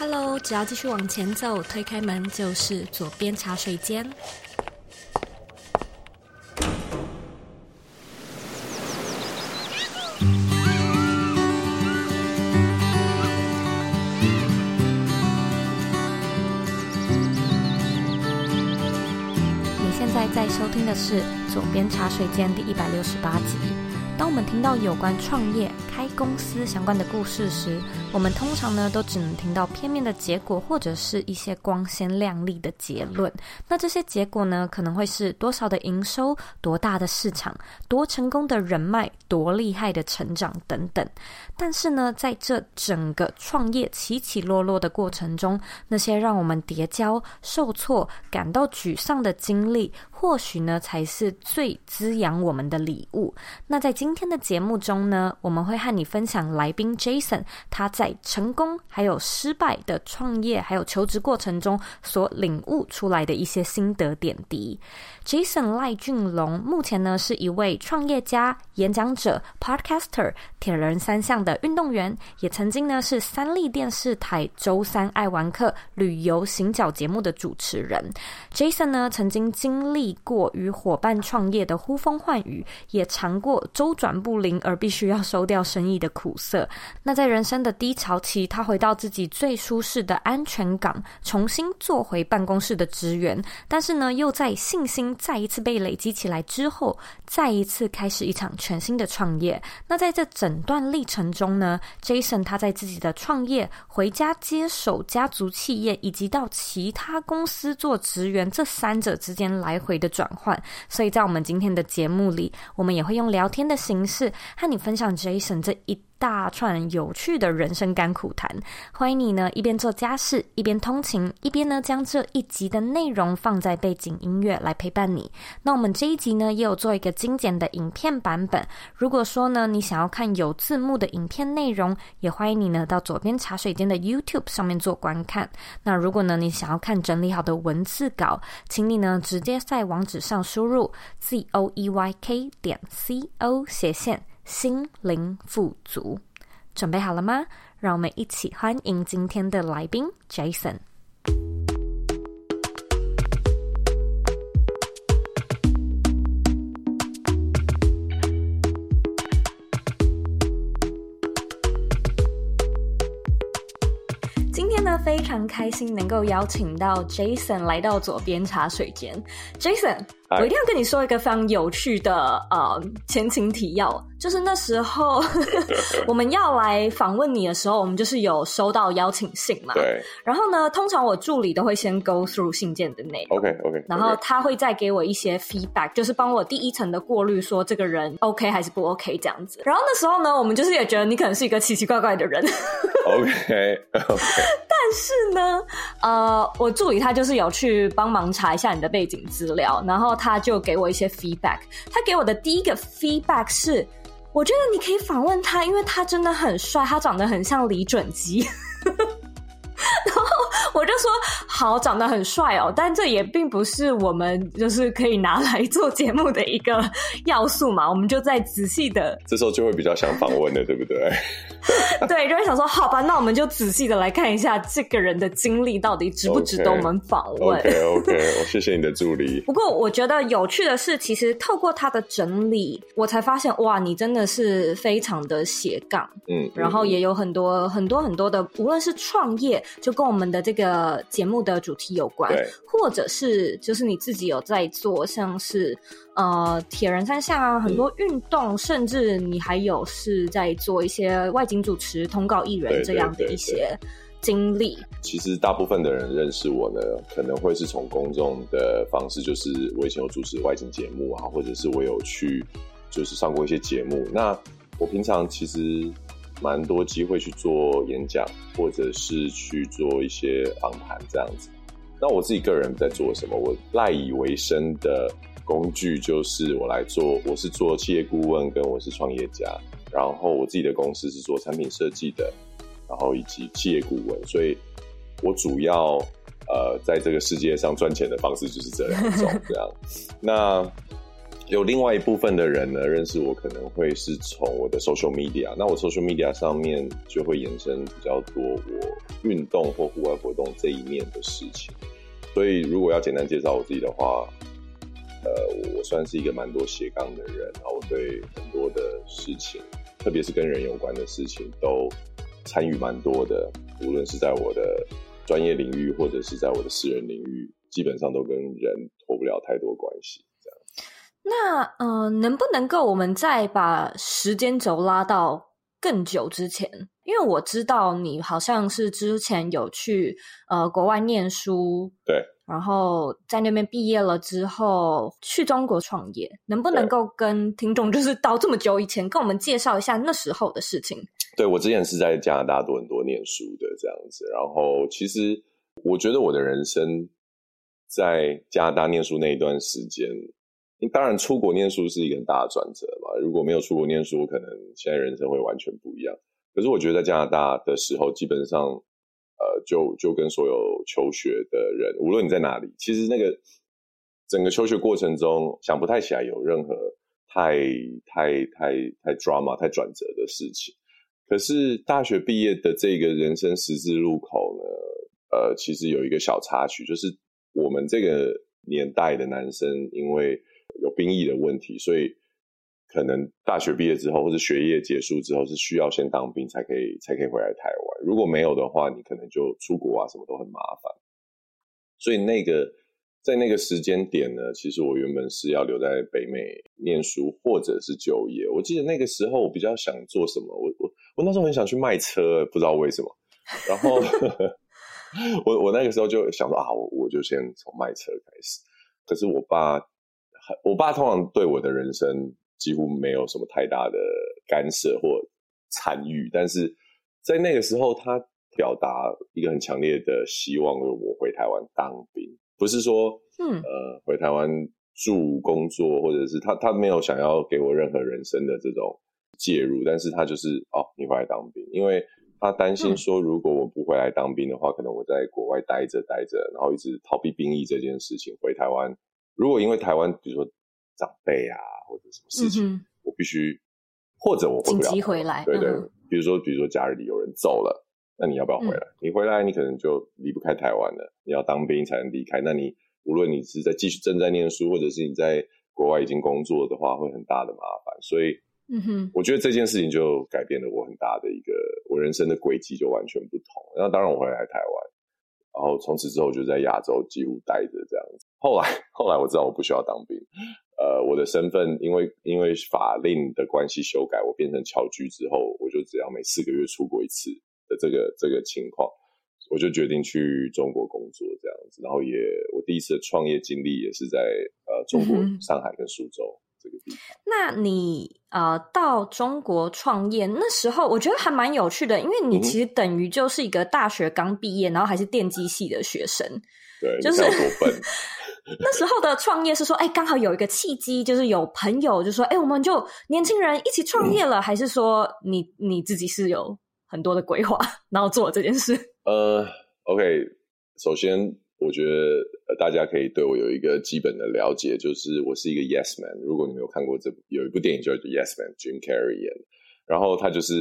哈嘍，Hello, 只要繼續往前走，推開門就是左邊茶水間。你現在在收聽的是《左邊茶水間》第一百六十八集。當我們聽到有關創業，開公司相關的故事時，我們通常呢都只能聽到片面的結果，或者是一些光鮮亮麗的結論。那這些結果呢，可能會是多少的營收、多大的市場、多成功的人脈、多厲害的成長等等。但是呢，在這整個創業起起落落的過程中，那些讓我們跌跤、受挫、感到沮喪的經歷，或許呢才是最滋養我們的禮物。那在今天的節目中呢，我們會你分享來賓 Jason 他在成功還有失敗的創業還有求職過程中所領悟出來的一些心得點滴。Jason 賴俊龍目前呢是一位創業家、演講者、Podcaster、鐵人三項的運動員，也曾經呢是三立電視台周三愛玩客旅遊行腳節目的主持人。Jason 呢曾經經歷過與夥伴創業的呼風喚雨，也嘗過週轉不靈而必須要收掉生意的苦澀。那在人生的低潮期，他回到自己最舒適的安全港，重新做回辦公室的職員。但是呢，又在信心再一次被累積起來之後，再一次開始一場全新的創業。那在這整段歷程中呢，Jason 他在自己的創業、回家接手家族企業，以及到其他公司做職員這三者之間來回的轉換。所以在我們今天的節目裡，我們也會用聊天的形式和你分享 Jason 一大串有趣的人生甘苦談，歡迎你呢，一邊做家事，一邊通勤，一邊呢將這一集的內容放在背景音樂來陪伴你。那我們這一集呢也有做一個精簡的影片版本。如果說呢你想要看有字幕的影片內容，也歡迎你呢到左邊茶水間的 YouTube 上面做觀看。那如果呢你想要看整理好的文字稿，請你呢直接在網址上輸入 Z O E Y K 點 C O 斜線。心靈富足，準備好了嗎？讓我們一起歡迎今天的來賓 Jason。今天呢，非常開心能夠邀請到 Jason 來到左邊茶水間，Jason！I 我一定要跟你說一個非常有趣的呃、嗯、前情提要，就是那時候我們要來訪問你的時候，我們就是有收到邀請信嘛。對。然後呢，通常我助理都會先 go through 信件的內容 OK OK, okay。然後他會再給我一些 feedback，就是幫我第一層的過濾，說這個人 OK 還是不 OK 這樣子。然後那時候呢，我們就是也覺得你可能是一個奇奇怪怪的人。 OK OK。 但是呢，呃，我助理他就是有去幫忙查一下你的背景資料，然後他。他就給我一些 feedback。他給我的第一個 feedback 是，我覺得你可以訪問他，因為他真的很帥，他長得很像李準基。 我就說好，長得很帥哦，但這也並不是我們就是可以拿來做節目的一個要素嘛。我們就在仔細的，這時候就會比較想訪問了，對不對？ 對，就會想說好吧，那我們就仔細的來看一下這個人的經歷到底值不值得我們訪問。Okay. OK OK，我謝謝你的助理。 不過我覺得有趣的是，其實透過他的整理，我才發現哇，你真的是非常的斜槓，嗯，然後也有很多、嗯嗯、很多很多的，無論是創業，就跟我們的這個。的節目的主題有關，對或者是就是你自己有在做，像是呃鐵人三項啊，很多運動，嗯、甚至你還有是在做一些外景主持、通告藝人這樣的一些經歷。對對對對。其實大部分的人認識我呢，可能會是從公眾的方式，就是我以前有主持外景節目啊，或者是我有去就是上過一些節目。那我平常其實，蠻多機會去做演講，或者是去做一些訪談這樣子。那我自己個人在做什麼？我賴以為生的工具就是我來做，我是做企業顧問，跟我是創業家。然後我自己的公司是做產品設計的，然後以及企業顧問。所以，我主要呃在這個世界上賺錢的方式就是這兩種這樣。那。有另外一部分的人呢，認識我可能會是從我的 social media，那我 social media 上面就會延伸比較多我運動或戶外活動這一面的事情。所以如果要簡單介紹我自己的話，呃，我算是一個蠻多斜槓的人，然後我對很多的事情，特別是跟人有關的事情，都參與蠻多的，無論是在我的專業領域，或者是在我的私人領域，基本上都跟人脫不了太多關係。那呃，能不能夠我們再把時間軸拉到更久之前？因為我知道你好像是之前有去呃國外念書，對，然後在那邊畢業了之後去中國創業，能不能夠跟對聽眾就是到這麼久以前，跟我們介紹一下那時候的事情？對，我之前是在加拿大讀很多念書的這樣子，然後其實我覺得我的人生在加拿大念書那一段時間。當然，出國念書是一個很大的轉折嘛。如果沒有出國念書，可能現在人生會完全不一樣。可是我覺得在加拿大的時候，基本上，呃，就就跟所有求學的人，無論你在哪裡，其實那個整個求學過程中，想不太起來有任何太太太太 drama、太轉折的事情。可是大學畢業的這個人生十字路口呢，呃，其實有一個小插曲，就是我們這個年代的男生，因為有兵役的問題，所以可能大學畢業之後，或者學業結束之後，是需要先當兵才可以，才可以回來台灣。如果沒有的話，你可能就出國啊，什麼都很麻煩。所以那個在那個時間點呢，其實我原本是要留在北美念書，或者是就業。我記得那個時候我比較想做什麼，我我我那時候很想去賣車，不知道為什麼。然後 我我那個時候就想說啊，我我就先從賣車開始。可是我爸。我爸通常對我的人生幾乎沒有什麼太大的干涉或參與，但是在那個時候，他表達一個很強烈的希望，我回台灣當兵，不是說，嗯，呃，回台灣住工作，或者是他他沒有想要給我任何人生的這種介入，但是他就是哦，你回來當兵，因為他擔心說，如果我不回來當兵的話，嗯、可能我在國外待着待着，然後一直逃避兵役這件事情，回台灣。如果因為台灣，比如說長輩啊，或者什麼事情，嗯、哼我必須，或者我要不要緊急回來？對對，嗯、比如說比如說家裡有人走了，那你要不要回來？嗯、你回來，你可能就離不開台灣了。你要當兵才能離開，那你無論你是在繼續正在念書，或者是你在國外已經工作的話，會很大的麻煩。所以，嗯哼，我覺得這件事情就改變了我很大的一個我人生的軌跡，就完全不同。那當然我回來台灣。然後從此之後就在亞洲幾乎待着這樣子。後來後來我知道我不需要當兵，呃，我的身份因為因為法令的關係修改，我變成僑居之後，我就只要每四個月出國一次的這個這個情況，我就決定去中國工作這樣子。然後也我第一次的創業經歷也是在呃中國上海跟蘇州。嗯那你呃，到中國創業那時候，我覺得還蠻有趣的，因為你其實等於就是一個大學剛畢業，然後還是電機系的學生，對，就是 那時候的創業是說，哎、欸，剛好有一個契機，就是有朋友就說，哎、欸，我們就年輕人一起創業了，嗯、還是說你你自己是有很多的規劃，然後做了這件事？呃、uh，OK，首先。我覺得呃，大家可以對我有一個基本的了解，就是我是一個 Yes Man。如果你沒有看過這部有一部電影，叫做《Yes Man》，Jim Carrey 演，然後他就是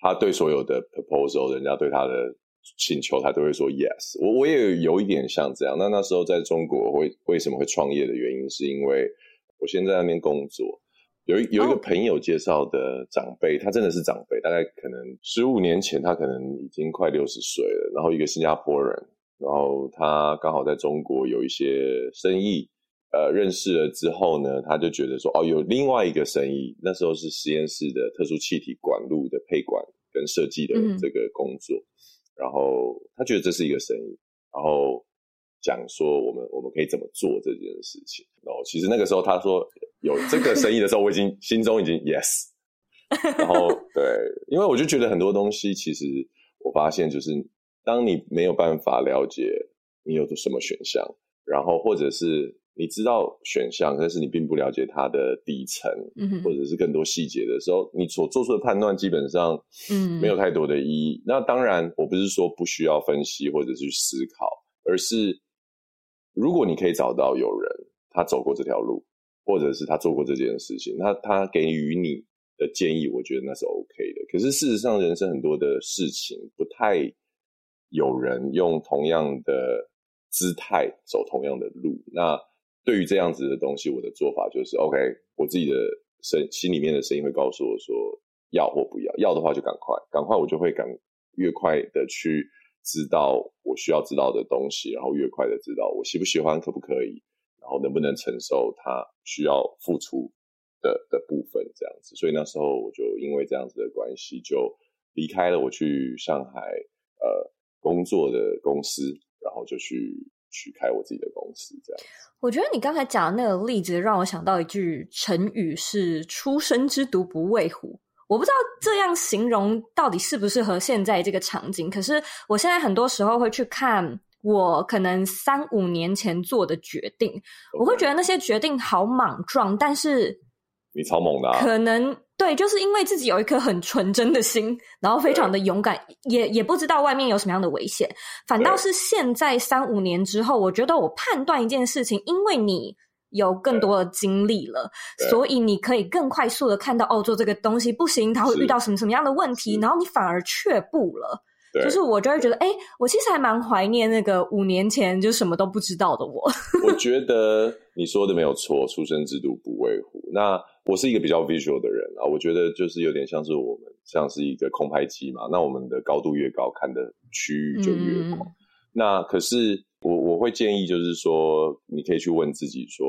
他對所有的 proposal，人家對他的請求，他都會說 Yes。我我也有一點像這樣。那那時候在中國會，會為什麼會創業的原因，是因為我先在，在那邊工作，有一有一個朋友介紹的長輩，他真的是長輩，大概可能十五年前，他可能已經快六十歲了，然後一個新加坡人。然後他剛好在中國有一些生意，呃，認識了之後呢，他就覺得說，哦，有另外一個生意，那時候是實驗室的特殊氣體管路的配管跟設計的這個工作，嗯，然後他覺得這是一個生意，然後講說我們我們可以怎麼做這件事情。然後其實那個時候他說有這個生意的時候，我已經 心中已經 yes，然後對，因為我就覺得很多東西，其實我發現就是。當你沒有辦法了解你有做什麼選項，然後或者是你知道選項，但是你並不了解它的底層，嗯、哼或者是更多細節的時候，你所做出的判斷基本上沒有太多的意義。嗯、那當然，我不是說不需要分析或者是思考，而是如果你可以找到有人他走過這條路，或者是他做過這件事情，那他給予你的建議，我覺得那是 OK 的。可是事實上，人生很多的事情不太。有人用同樣的姿態走同樣的路，那對於這樣子的東西，我的做法就是：OK，我自己的聲心裡面的聲音會告訴我說要或不要。要的話就趕快，趕快，我就會趕越快的去知道我需要知道的東西，然後越快的知道我喜不喜歡，可不可以，然後能不能承受它需要付出的的部分這樣子。所以那時候我就因為這樣子的關係就離開了，我去上海，呃。工作的公司，然後就去去開我自己的公司，這樣。我覺得你剛才講的那個例子，讓我想到一句成語是“初生之犢，不畏虎”。我不知道這樣形容到底適不適合現在這個場景。可是我現在很多時候會去看我可能三五年前做的決定，Okay. 我會覺得那些決定好莽撞，但是。你超猛的、啊，可能對，就是因為自己有一顆很純真的心，然後非常的勇敢，對也也不知道外面有什麼樣的危險。反倒是現在三五年之後，對我覺得我判斷一件事情，因為你有更多的經歷了，所以你可以更快速的看到哦、做這個東西不行，他會遇到什麼什麼樣的問題，是然後你反而卻步了。對就是我就會覺得，哎對，我其實還蠻懷念那個五年前就什麼都不知道的我。我覺得你說的沒有錯， 初生之犢不畏虎。那我是一個比較 visual 的人啊，我覺得就是有點像是我們像是一個空拍機嘛。那我們的高度越高，看的區域就越廣。嗯、那可是我我會建議就是說，你可以去問自己說，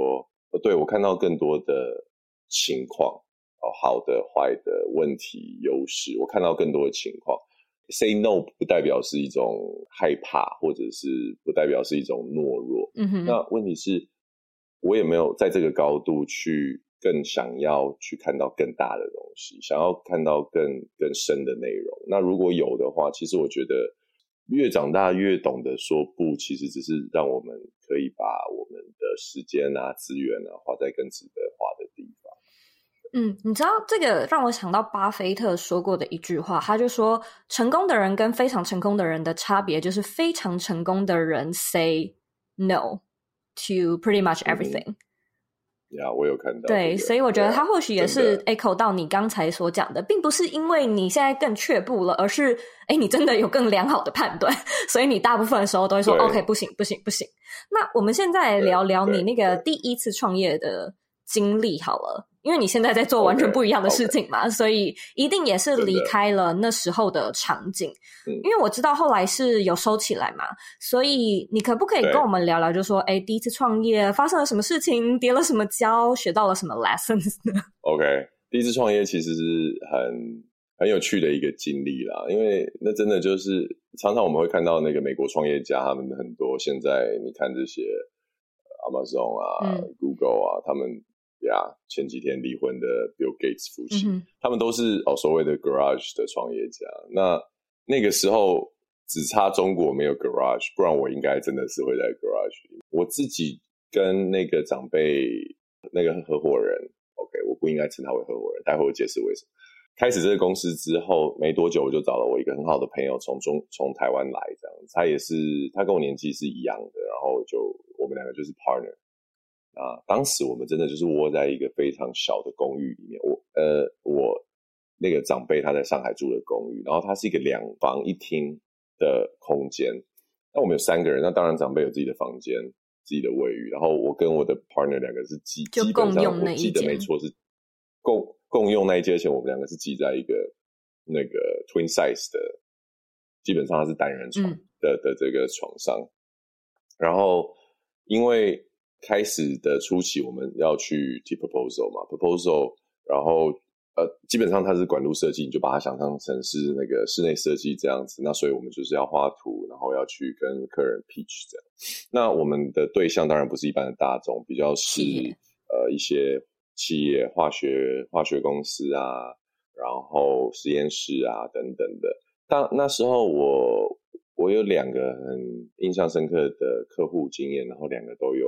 對我看到更多的情況，哦，好的、壞的、問題、優勢，我看到更多的情況。Say no 不代表是一種害怕，或者是不代表是一種懦弱。嗯哼，那問題是，我也沒有在這個高度去更想要去看到更大的東西，想要看到更更深的內容。那如果有的話，其實我覺得越長大越懂得說不，其實只是讓我們可以把我們的時間啊、資源啊花在更值得。嗯，你知道這個讓我想到巴菲特說過的一句話，他就說，成功的人跟非常成功的人的差別就是非常成功的人 say no to pretty much everything。嗯嗯、呀，我有看到。對，對所以我覺得他或許也是 echo 到你剛才所講的，的並不是因為你現在更卻步了，而是哎、欸，你真的有更良好的判斷，所以你大部分的時候都會說對 OK，不行，不行，不行。那我們現在聊聊你那個第一次創業的經歷好了。因為你現在在做完全不一樣的事情嘛，okay, okay, 所以一定也是離開了那時候的場景。的因為我知道後來是有收起來嘛，嗯、所以你可不可以跟我們聊聊，就說對誒第一次創業發生了什麼事情，跌了什麼跤，學到了什麼 lessons？OK，、okay, 第一次創業其實是很很有趣的一個經歷啦，因為那真的就是常常我們會看到那個美國創業家，他們很多現在你看這些，Amazon 啊、嗯、Google 啊，他們。對、yeah, 前幾天離婚的 Bill Gates 夫妻，嗯、哼他們都是哦所謂的 Garage 的創業家。那那個時候只差中國沒有 Garage，不然我應該真的是會在 Garage。我自己跟那個長輩那個合夥人 OK，我不應該稱他為合夥人，待會我解釋為什麼。開始這個公司之後沒多久，我就找了我一個很好的朋友，從中從台灣來這樣子，他也是他跟我年紀是一樣的，然後就我們兩個就是 partner。啊，當時我們真的就是窩在一個非常小的公寓裡面。我，呃，我那個長輩他在上海住的公寓，然後它是一個兩房一廳的空間。那我們有三個人，那當然長輩有自己的房間、自己的衛浴。然後我跟我的 partner 兩個是擠，就共用那一間。基本上我記得沒錯是共共用那一間，而且我們兩個是擠在一個那個 twin size 的，基本上它是單人床的，嗯、的、的這個床上。然後因為開始的初期，我們要去提 proposal 嘛，proposal，然後呃，基本上它是管路設計，你就把它想象成是那個室內設計這樣子。那所以我們就是要畫圖，然後要去跟客人 pitch 這樣。那我們的對象當然不是一般的大眾，比較是呃一些企業、化學、化學公司啊，然後實驗室啊等等的。但那時候我我有兩個很印象深刻的客戶經驗，然後兩個都有。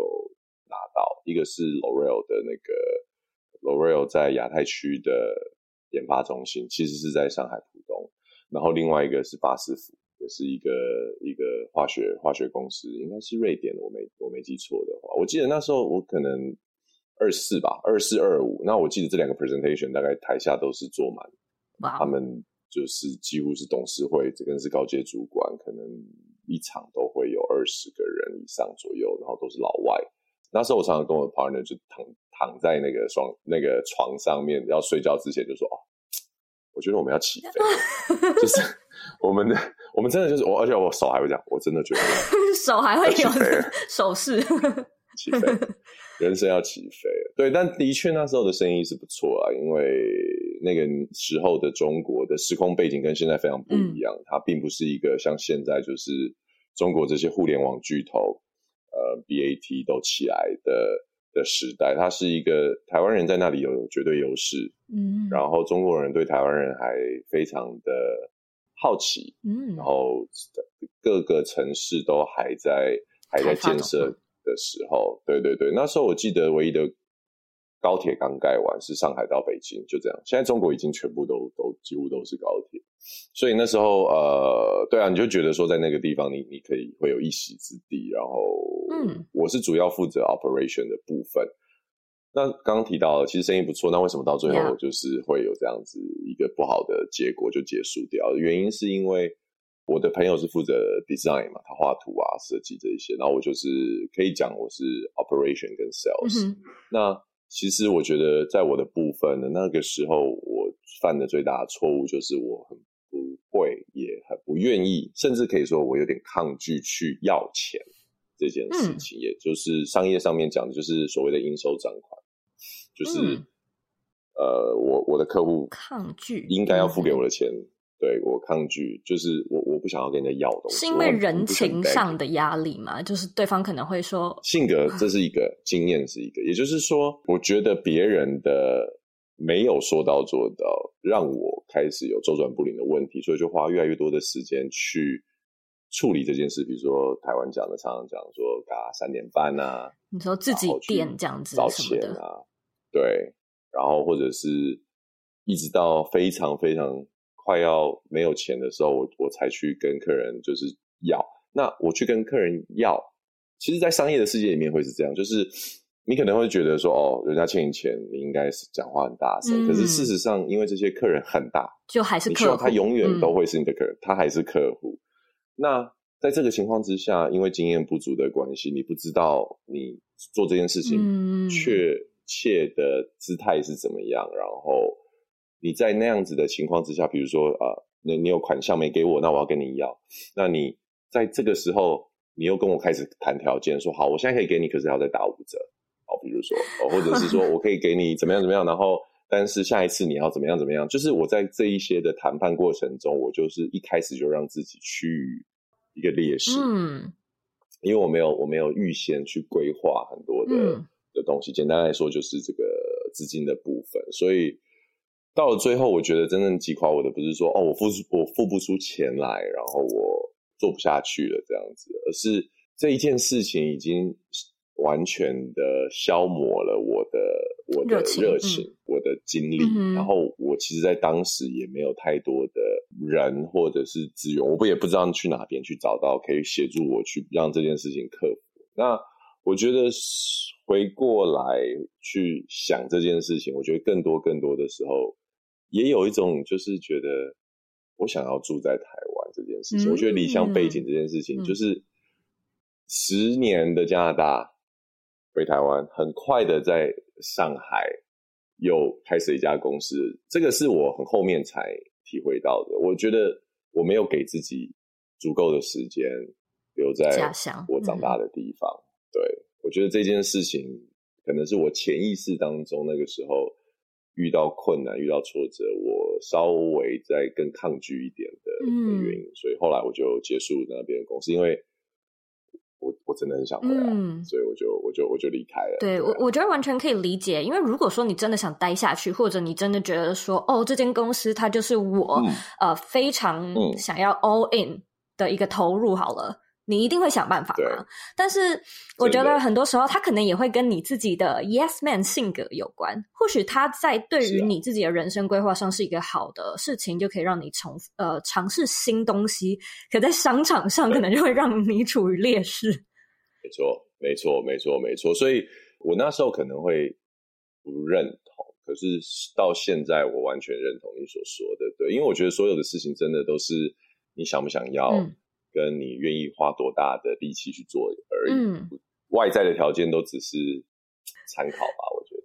好，一個是 L'Oreal 的那個 L'Oreal 在亞太區的研發中心，其實是在上海浦東。然後另外一個是巴斯夫，也是一個一個化學化學公司，應該是瑞典我沒我沒記錯的話，我記得那時候我可能二四吧，二四二五。那我記得這兩個 presentation 大概台下都是坐滿，嗯、他們就是幾乎是董事會，這邊是高階主管，可能一場都會有二十個人以上左右，然後都是老外。那時候我常常跟我的 partner 就躺躺在那個床那個床上面，要睡覺之前就說：“哦，我覺得我們要起飛， 就是我們的我們真的就是我，而且我手還會這樣，我真的覺得要要手還會有手勢起飛，人生要起飛。” 對，但的確那時候的生意是不錯啊，因為那個時候的中國的時空背景跟現在非常不一樣，嗯、它並不是一個像現在就是中國這些互聯網巨頭。呃，BAT 都起來的的時代，它是一個台灣人在那裡有絕對優勢，嗯，然後中國人對台灣人還非常的好奇，嗯，然後各個城市都還在還在建設的時候，對對對，那時候我記得唯一的。高鐵剛蓋完是上海到北京，就這樣。現在中國已經全部都都幾乎都是高鐵，所以那時候呃，對啊，你就覺得說在那個地方你你可以會有一席之地。然後，嗯，我是主要負責 operation 的部分。嗯、那剛剛提到的其實生意不錯，那為什麼到最後我就是會有這樣子一個不好的結果就結束掉？原因是因為我的朋友是負責 design 嘛，他畫圖啊設計這一些，然後我就是可以講我是 operation 跟 sales，、嗯、哼、那。其實我覺得，在我的部分呢，那個時候我犯的最大的錯誤就是我很不會，也很不願意，甚至可以說我有點抗拒去要錢這件事情，嗯、也就是商業上面講的就是所謂的應收賬款，就是、嗯、呃，我我的客戶抗拒應該要付給我的錢。對，我抗拒，就是我我不想要跟人家要東西，是因為人情上的壓力嘛？就是對方可能會說性格，這是一個 經驗，是一個，也就是說，我覺得別人的沒有說到做到，讓我開始有周轉不靈的問題，所以就花越來越多的時間去處理這件事。比如說台灣講的，常常講說，軋三點半啊，你說自己點這樣子早起啊，對，然後或者是一直到非常非常。快要沒有錢的時候，我我才去跟客人就是要。那我去跟客人要，其實，在商業的世界裡面會是這樣，就是你可能會覺得說，哦，人家欠你錢，你應該是講話很大聲。嗯、可是事實上，因為這些客人很大，就還是客你希望他永遠都會是你的客人，嗯、他還是客戶。那在這個情況之下，因為經驗不足的關係，你不知道你做這件事情確切的姿態是怎麼樣，嗯、然後。你在那樣子的情況之下，比如說啊，你、呃、你有款項沒給我，那我要跟你要。那你在這個時候，你又跟我開始談條件，說好，我現在可以給你，可是要再打五折。好，比如說、哦，或者是說我可以給你怎麼樣怎麼樣，然後但是下一次你要怎麼樣怎麼樣，就是我在這一些的談判過程中，我就是一開始就讓自己去一個劣勢。嗯，因為我沒有我沒有預先去規劃很多的、嗯、的東西。簡單來說，就是這個資金的部分，所以。到了最後，我覺得真正擊垮我的不是說哦，我付出我付不出錢來，然後我做不下去了這樣子，而是這一件事情已經完全的消磨了我的我的熱情，嗯、我的精力。嗯、然後我其實，在當時也沒有太多的人或者是資源，我不也不知道去哪邊去找到可以協助我去讓這件事情克服。那我覺得回過來去想這件事情，我覺得更多更多的時候。也有一種就是覺得我想要住在台灣這件事情，我覺得離鄉背井這件事情，就是十年的加拿大回台灣，很快的在上海又開設一家公司，這個是我很後面才體會到的。我覺得我沒有給自己足夠的時間留在家鄉，我長大的地方。對，我覺得這件事情可能是我潛意識當中那個時候。遇到困難、遇到挫折，我稍微再更抗拒一點的，、嗯、的原因，所以後來我就結束那邊的公司，因為我，我我真的很想，回來，嗯、所以我就我就我就離開了。對看我，我覺得完全可以理解，因為如果說你真的想待下去，或者你真的覺得說，哦，這間公司它就是我、嗯、呃非常想要 all in 的一個投入，好了。嗯嗯你一定會想辦法的對但是我覺得很多時候，他可能也會跟你自己的 yes man 性格有關。的或許他在對於你自己的人生規劃上是一個好的事情，啊、就可以讓你重呃嘗試新東西。可在商場上，可能就會讓你處於劣勢。沒錯，沒錯，沒錯，沒錯。所以我那時候可能會不認同，可是到現在我完全認同你所說的。對，因為我覺得所有的事情真的都是你想不想要、嗯。跟你願意花多大的力氣去做而已，嗯、外在的條件都只是參考吧，我覺得。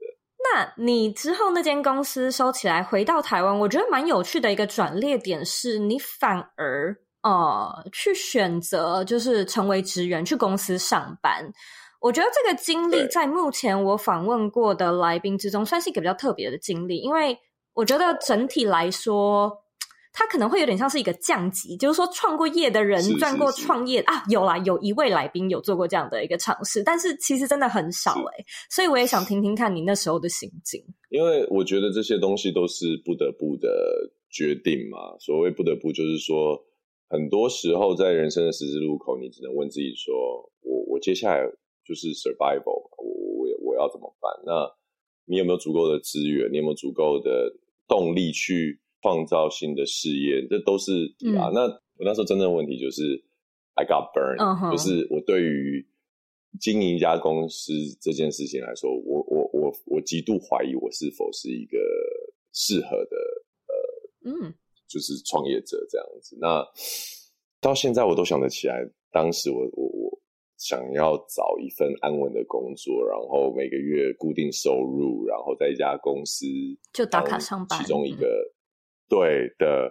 那你之後那間公司收起來，回到台灣，我覺得蠻有趣的一個轉捩點是，是你反而啊、呃、去選擇就是成為職員去公司上班。我覺得這個經歷在目前我訪問過的來賓之中，對算是一個比較特別的經歷，因為我覺得整體來說。他可能會有點像是一個降級，就是說創過業的人賺過創業的，賺過創業啊，有啦，有一位來賓有做過這樣的一個嘗試，但是其實真的很少哎、欸，是是，所以我也想聽聽看你那時候的心境。因為我覺得這些東西都是不得不的決定嘛，所謂不得不，就是說很多時候在人生的十字路口，你只能問自己說，我我接下來就是 survival 嘛，我我我要怎麼辦？那你有沒有足夠的資源？你有沒有足夠的動力去？創造性的事業，這都是、嗯、啊。那我那時候真正的問題就是，I got burned，、哦、哼就是我對於經營一家公司這件事情來說，我我我我極度懷疑我是否是一個適合的呃，嗯，就是創業者這樣子。那到現在我都想得起來，當時我我我想要找一份安穩的工作，然後每個月固定收入，然後在一家公司就打卡上班，其中一個。嗯對的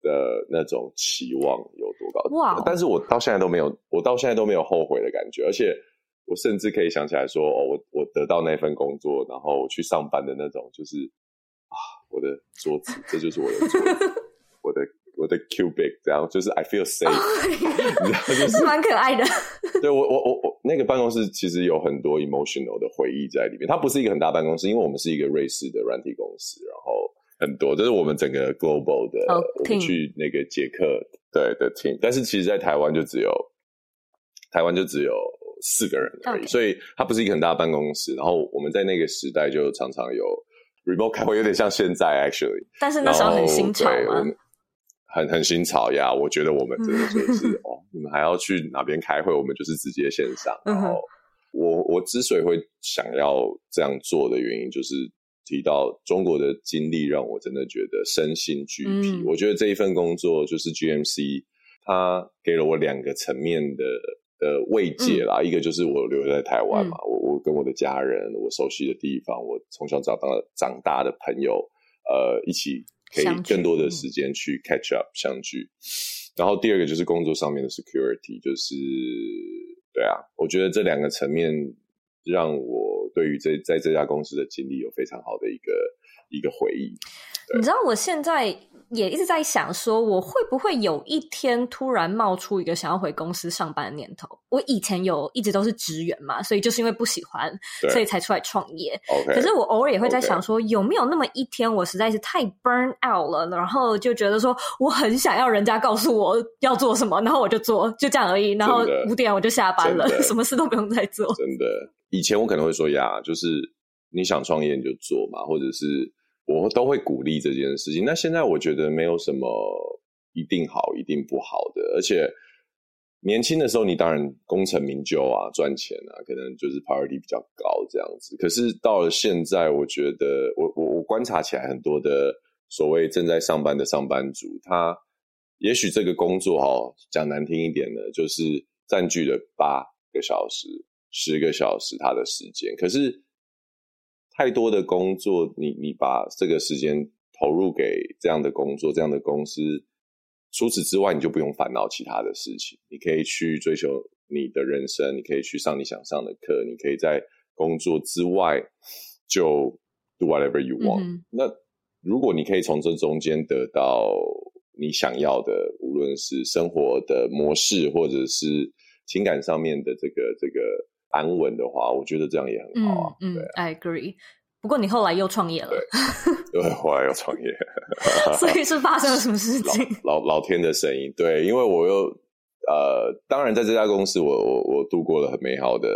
的那種期望有多高？哇！Wow. 但是我到現在都沒有，我到現在都沒有後悔的感覺。而且我甚至可以想起來說，哦，我我得到那份工作，然後我去上班的那種，就是啊，我的桌子，這就是我的桌子 我的，我的我的 cubic，然後就是 I feel safe，、oh、my God, 然後就是、 是蠻可愛的。對，我，我我我那個辦公室其實有很多 emotional 的回憶在裡面。它不是一個很大辦公室，因為我們是一個瑞士的軟體公司，然後。很多，這、就是我們整個 global 的、oh, team. 我去那個捷克，對的 team 但是其實，在台灣就只有台灣就只有四個人而已，Okay. 所以它不是一個很大的辦公室。然後我們在那個時代就常常有 remote 開會，有點像現在，actually。但是那時候很新潮嗎？很很新潮呀！我覺得我們真的是、就是、 哦，你們還要去哪邊開會，我們就是直接線上。然後我我之所以會想要這樣做的原因就是。提到中國的經歷，讓我真的覺得身心俱疲。嗯。我覺得這一份工作就是 GMC，它給了我兩個層面的呃慰藉啦。嗯。一個就是我留在台灣嘛，嗯，我我跟我的家人，我熟悉的地方，我從小長到長大的朋友，呃，一起可以更多的時間去 catch up 相聚。相聚，嗯，然後第二個就是工作上面的 security，就是對啊，我覺得這兩個層面讓我。對於這在這家公司的經歷有非常好的一個一個回憶。你知道，我現在也一直在想，說我會不會有一天突然冒出一個想要回公司上班的念頭？我以前有一直都是職員嘛，所以就是因為不喜歡，對所以才出來創業。Okay, 可是我偶爾也會在想說，說 Okay. 有沒有那麼一天，我實在是太 burn out 了，然後就覺得說我很想要人家告訴我要做什麼，然後我就做，就這樣而已。然後五點我就下班了，的 什麼事都不用再做，真的。以前我可能會說呀，就是你想創業你就做嘛，或者是我都會鼓勵這件事情。那現在我覺得沒有什麼一定好，一定不好的。而且年輕的時候，你當然功成名就啊，賺錢啊，可能就是 priority 比較高這樣子。可是到了現在，我覺得我我我觀察起來，很多的所謂正在上班的上班族，他也許這個工作哈、哦，講難聽一點的，就是占據了八個小時，十個小時，他的時間，可是太多的工作你，你你把這個時間投入給這樣的工作，這樣的公司，除此之外，你就不用煩惱其他的事情，你可以去追求你的人生，你可以去上你想上的課，你可以在工作之外就 do whatever you want，嗯哼。那如果你可以從這中間得到你想要的，無論是生活的模式，或者是情感上面的這個這個。安穩的話，我覺得這樣也很好、啊嗯。嗯、啊、，I agree。不過你後來又創業了，對，後來又創業， 所以是發生了什麼事情？老老，老天的聲音，對，因為我又呃，當然在這家公司我，我我我度過了很美好的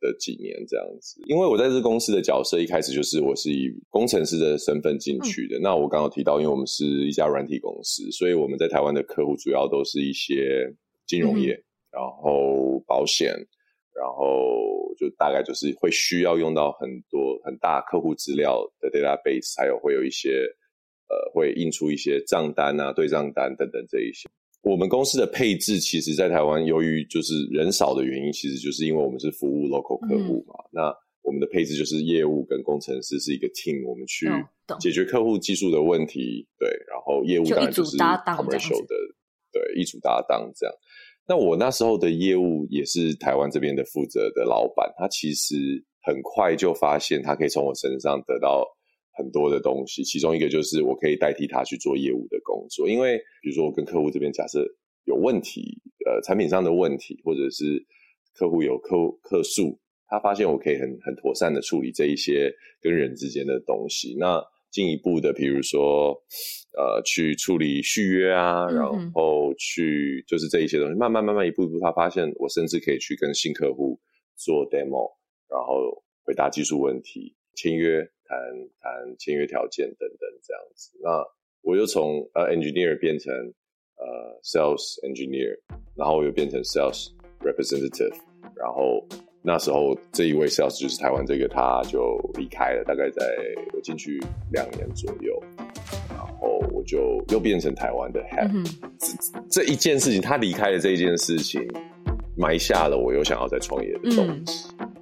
的幾年，這樣子。因為我在這公司的角色，一開始就是我是以工程師的身份進去的。嗯、那我剛剛有提到，因為我們是一家軟體公司，所以我們在台灣的客戶主要都是一些金融業，嗯嗯然後保險。然後就大概就是會需要用到很多很大客戶資料的 database，還有會有一些呃會印出一些賬單啊、對賬單等等這一些。我們公司的配置，其實在台灣，由於就是人少的原因，其實就是因為我們是服務 local 客戶嘛。嗯、那我們的配置就是業務跟工程師是一個 team，我們去解決客戶技術的問題。嗯、對，然後業務當然就是 commercial 的，一組搭檔，對，一組搭檔這樣。那我那時候的業務也是台灣這邊的負責的老闆，他其實很快就發現他可以從我身上得到很多的東西，其中一個就是我可以代替他去做業務的工作，因為比如說我跟客戶這邊假設有問題，呃，產品上的問題，或者是客戶有客戶客訴，他發現我可以很很妥善的處理這一些跟人之間的東西。那進一步的，比如說。呃，去處理續約啊，嗯嗯，然後去就是這一些東西，慢慢慢慢一步一步，他發現我甚至可以去跟新客戶做 demo，然後回答技術問題，簽約談談簽約條件等等這樣子。那我又從呃 engineer 變成呃 sales engineer，然後又變成 sales representative，然後那時候這一位 sales 就是台灣這個他就離開了，大概在我進去兩年左右，然後。就又變成台灣的、嗯哼，這這一件事情，他離開了這一件事情，埋下了我有想要再創業的動機。嗯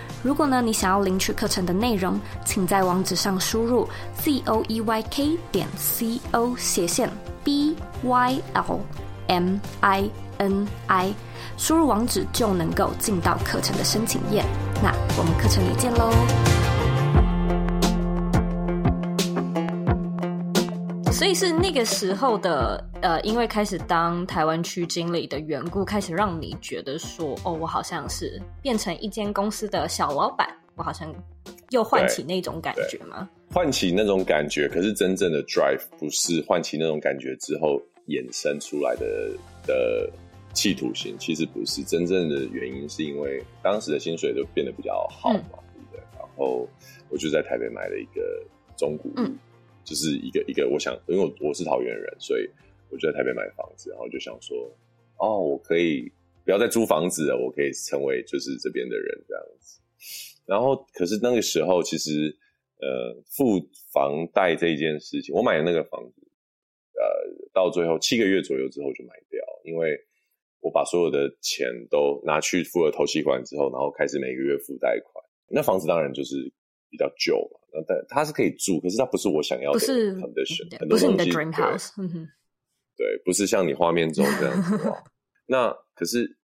如果呢，你想要領取課程的內容，請在網址上輸入 Z o e y k 點 c o 斜線 b y l m i n i，輸入網址就能夠進到課程的申請頁。那我們課程裡見嘍。所以是那個時候的呃，因為開始當台灣區經理的緣故，開始讓你覺得說，哦，我好像是變成一間公司的小老闆，我好像又喚起那種感覺嗎？喚起那種感覺。可是真正的 drive 不是喚起那種感覺之後衍生出來的的企圖心，其實不是，真正的原因是因為當時的薪水都變得比較好嘛，對、嗯、然後我就在台北買了一個中古。嗯就是一個一個，我想，因為我我是桃園人，所以我就在台北買房子，然後就想說，哦，我可以不要再租房子了，我可以成為就是這邊的人這樣子。然後，可是那個時候其實，呃，付房貸這一件事情，我買的那個房子，呃，到最後七個月左右之後就買掉，因為我把所有的錢都拿去付了頭期款之後，然後開始每個月付貸款。那房子當然就是比較舊了。那但它是可以住，可是它不是我想要的 condition，不是你的不是你的 dream house、嗯。對，不是像你畫面中這樣子。 啊、那可是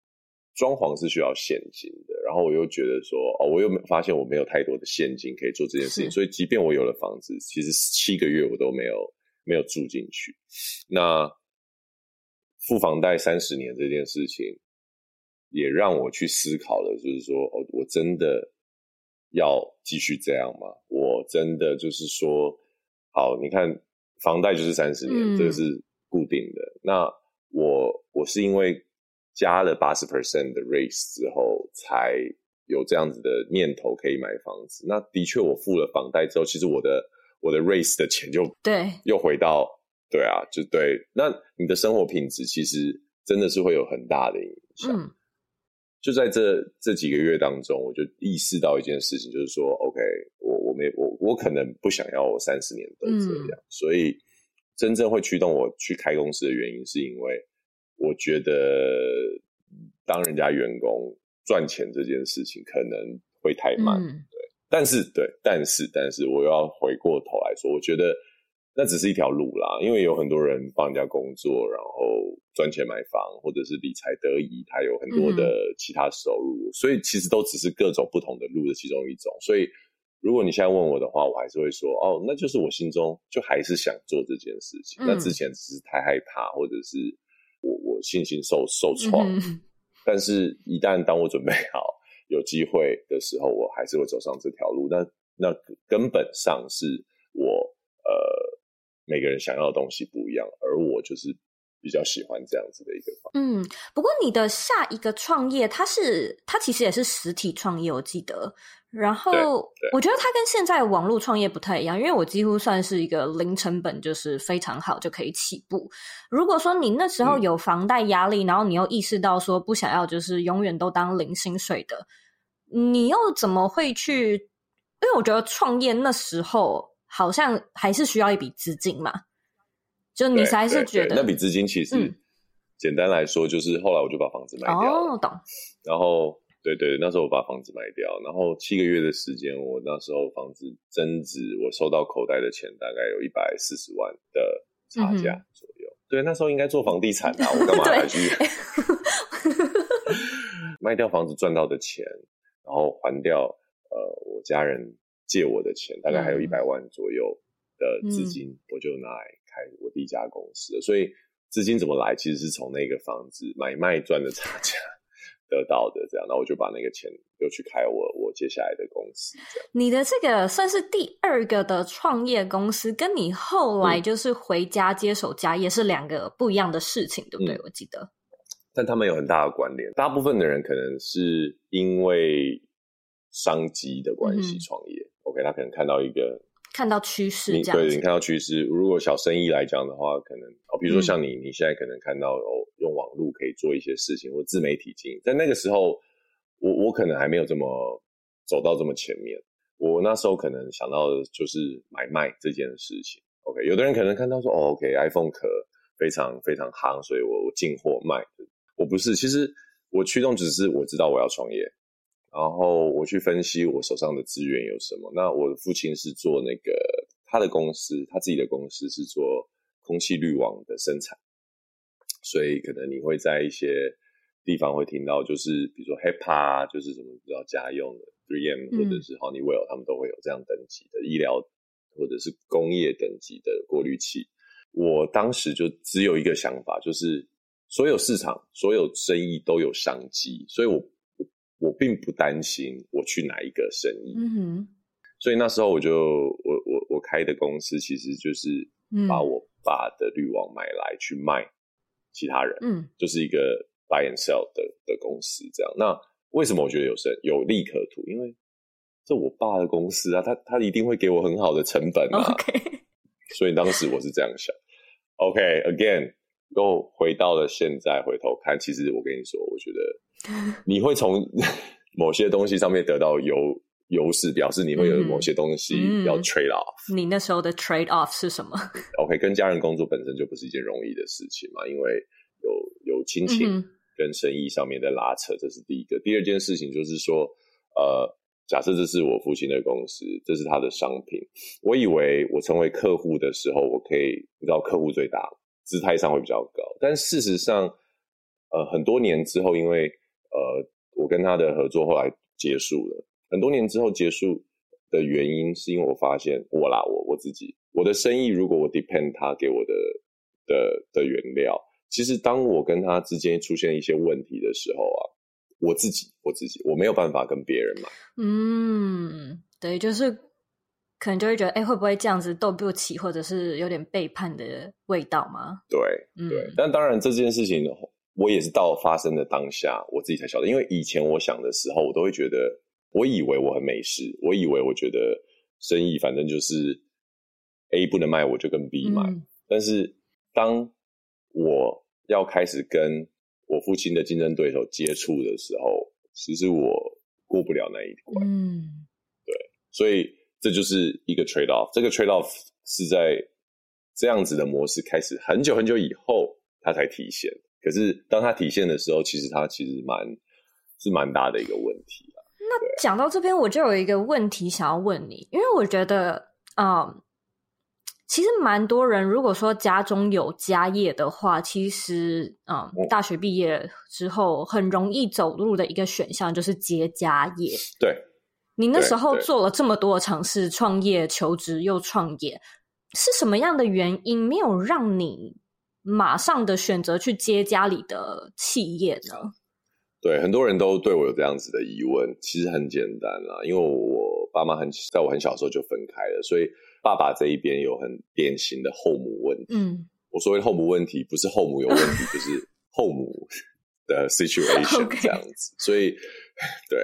裝潢是需要現金的，然後我又覺得說，哦，我又發現我沒有太多的現金可以做這件事情。是所以，即便我有了房子，其實七個月我都沒有沒有住進去。那付房貸三十年這件事情，也讓我去思考了，就是說，哦，我真的要繼續這樣嗎？我。真的就是說，好，你看房貸就是三十年，嗯、這個是固定的。那我我是因為加了八十 percent 的 raise 之後，才有這樣子的念頭可以買房子。那的確，我付了房貸之後，其實我的我的 raise 的錢就對，又回到對啊，就對。那你的生活品質其實真的是會有很大的影響。嗯就在這這幾個月當中，我就意識到一件事情，就是說，OK，我我沒我我可能不想要我三十年都這樣，嗯、所以真正會驅動我去開公司的原因，是因為我覺得當人家員工賺錢這件事情可能會太慢，嗯、對，但是對，但是但是我要回過頭來說，我覺得。那只是一條路啦，因為有很多人幫人家工作，然後賺錢買房，或者是理財得宜，他有很多的其他收入，嗯、所以其實都只是各種不同的路的其中一種。所以，如果你現在問我的話，我還是會說，哦，那就是我心中就還是想做這件事情。嗯、那之前只是太害怕，或者是我我信心受受創。嗯、但是，一旦當我準備好有機會的時候，我還是會走上這條路。那那根本上是我呃。每個人想要的東西不一樣，而我就是比較喜歡這樣子的一個方。嗯，不過你的下一個創業，它是它其實也是實體創業，我記得。然後我覺得它跟現在網絡創業不太一樣，因為我幾乎算是一個零成本，就是非常好就可以起步。如果說你那時候有房貸壓力，嗯、然後你又意識到說不想要就是永遠都當零薪水的，你又怎麼會去？因為我覺得創業那時候。好像還是需要一筆資金嘛，就你才是覺得對對對，那筆資金其實、嗯、簡單來說，就是後來我就把房子賣掉了。Oh, 懂然後，對對，那時候我把房子賣掉，然後七個月的時間，我那時候房子增值，我收到口袋的錢大概有一百四十萬的差價左右。Mm hmm. 對，那時候應該做房地產啦、啊，我幹嘛還來去 對 賣掉房子賺到的錢，然後還掉呃我家人借我的錢，大概還有一百萬左右的資金，嗯、我就拿來開我第一家公司。嗯、所以資金怎麼來，其實是從那個房子買賣賺的差價得到的。這樣，然後我就把那個錢又去開我我接下來的公司。你的這個算是第二個的創業公司，跟你後來就是回家接手家業、嗯、是兩個不一樣的事情，對不對？嗯、我記得，但他們有很大的關聯。大部分的人可能是因為商機的關係嗯、創業。他可能看到一個，看到趨勢這樣子。對，你看到趨勢，如果小生意來講的話，可能哦，比如說像你，嗯、你現在可能看到哦，用網絡可以做一些事情，或自媒體經營。在那個時候，我我可能還沒有這麼走到這麼前面。我那時候可能想到的就是買賣這件事情。OK，有的人可能看到說，哦，OK，iPhone、okay, 殼非常非常夯，所以我，我進貨賣。我不是，其實我驅動只是我知道我要創業。然後我去分析我手上的資源有什麼。那我的父親是做那個，他的公司，他自己的公司是做空氣濾網的生產，所以可能你會在一些地方會聽到，就是比如說 HEPA，就是什麼比較家用的 3M、嗯、或者是 Honeywell，他們都會有這樣等級的醫療或者是工業等級的過濾器。我當時就只有一個想法，就是所有市場、所有生意都有商機，所以我。我並不擔心我去哪一個生意，嗯哼，所以那時候我就我我我開的公司其實就是把我爸的濾網買來、嗯、去賣其他人，嗯，就是一個 buy and sell 的的公司這樣。那為什麼我覺得有生有利可圖？因為這我爸的公司啊，他他一定會給我很好的成本啊、嗯、所以當時我是這樣想。 OK，again，o、okay, 回到了現在回頭看，其實我跟你說，我覺得。 你會從某些東西上面得到優優勢，表示你會有某些東西要 trade off、嗯嗯。你那時候的 trade off 是什麼？OK，跟家人工作本身就不是一件容易的事情嘛，因為有有親情、跟生意上面在拉扯，嗯嗯這是第一個。第二件事情就是說，呃，假設這是我父親的公司，這是他的商品。我以為我成為客戶的時候，我可以你知道客戶最大姿態上會比較高，但事實上，呃，很多年之後，因為呃，我跟他的合作後來結束了，很多年之後結束的原因，是因為我發現我啦，我我自己，我的生意如果我 depend 他給我的的的原料，其實當我跟他之間出現一些問題的時候啊，我自己我自己我沒有辦法跟別人嘛。嗯，對，就是可能就會覺得，哎、欸，會不會這樣子鬥不起，或者是有點背叛的味道嗎？對，對，嗯、但當然這件事情我也是到發生的當下，我自己才曉得。因為以前我想的時候，我都會覺得，我以為我很沒事，我以為我覺得生意反正就是 A 不能賣，我就跟 B 買。嗯、但是當我要開始跟我父親的競爭對手接觸的時候，其實我過不了那一關。嗯，對，所以這就是一個 trade off。這個 trade off 是在這樣子的模式開始很久很久以後，它才體現。可是，當他體現的時候，其實他其實蠻是蠻大的一個問題。那講到這邊，我就有一個問題想要問你，因為我覺得啊、嗯，其實蠻多人如果說家中有家業的話，其實嗯大學畢業之後很容易走入的一個選項就是接家業。嗯、對，你那時候做了這麼多嘗試，創業、求職又創業，是什麼樣的原因沒有讓你？馬上的選擇去接家裡的企業呢？對，很多人都對我有這樣子的疑問，其實很簡單啦，因為我爸媽很在我很小的時候就分開了，所以爸爸這一邊有很典型的後母問題。嗯，我所謂的後母問題，不是後母有問題，就 是後母的 situation 這樣子。 Okay. 所以，對，